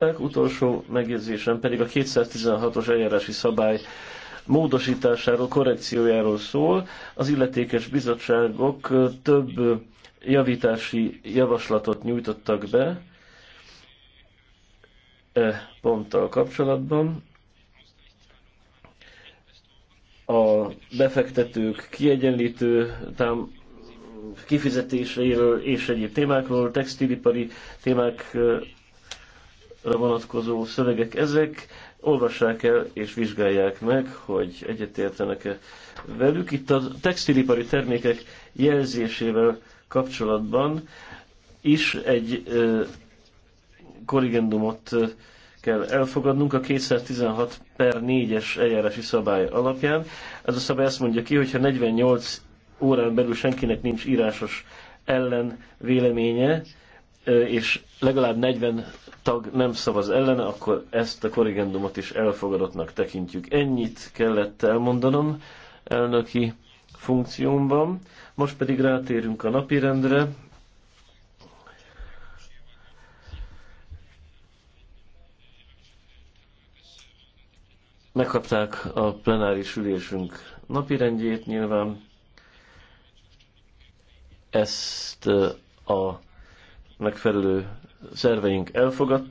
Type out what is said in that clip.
Utolsó megjegyzésem pedig a 216-os eljárási szabály módosításáról, korrekciójáról szól. Az illetékes bizottságok több javítási javaslatot nyújtottak be e ponttal kapcsolatban. A befektetők kiegyenlítő tám kifizetéséről és egyéb témákról, textilipari témák vonatkozó szövegek ezek, olvassák el és vizsgálják meg, hogy egyetértenek-e velük. Itt a textilipari termékek jelzésével kapcsolatban is egy ö, korrigendumot kell elfogadnunk a 216 per 4-es eljárási szabály alapján. Ez a szabály azt mondja ki, hogyha 48 órán belül senkinek nincs írásos ellen véleménye, és legalább 40 tag nem szavaz ellene, akkor ezt a korrigendumot is elfogadottnak tekintjük. Ennyit kellett elmondanom elnöki funkciómban. Most pedig rátérünk a napirendre. Megkapták a plenáris ülésünk napirendjét nyilván. Ezt a megfelelő szerveink elfogadták.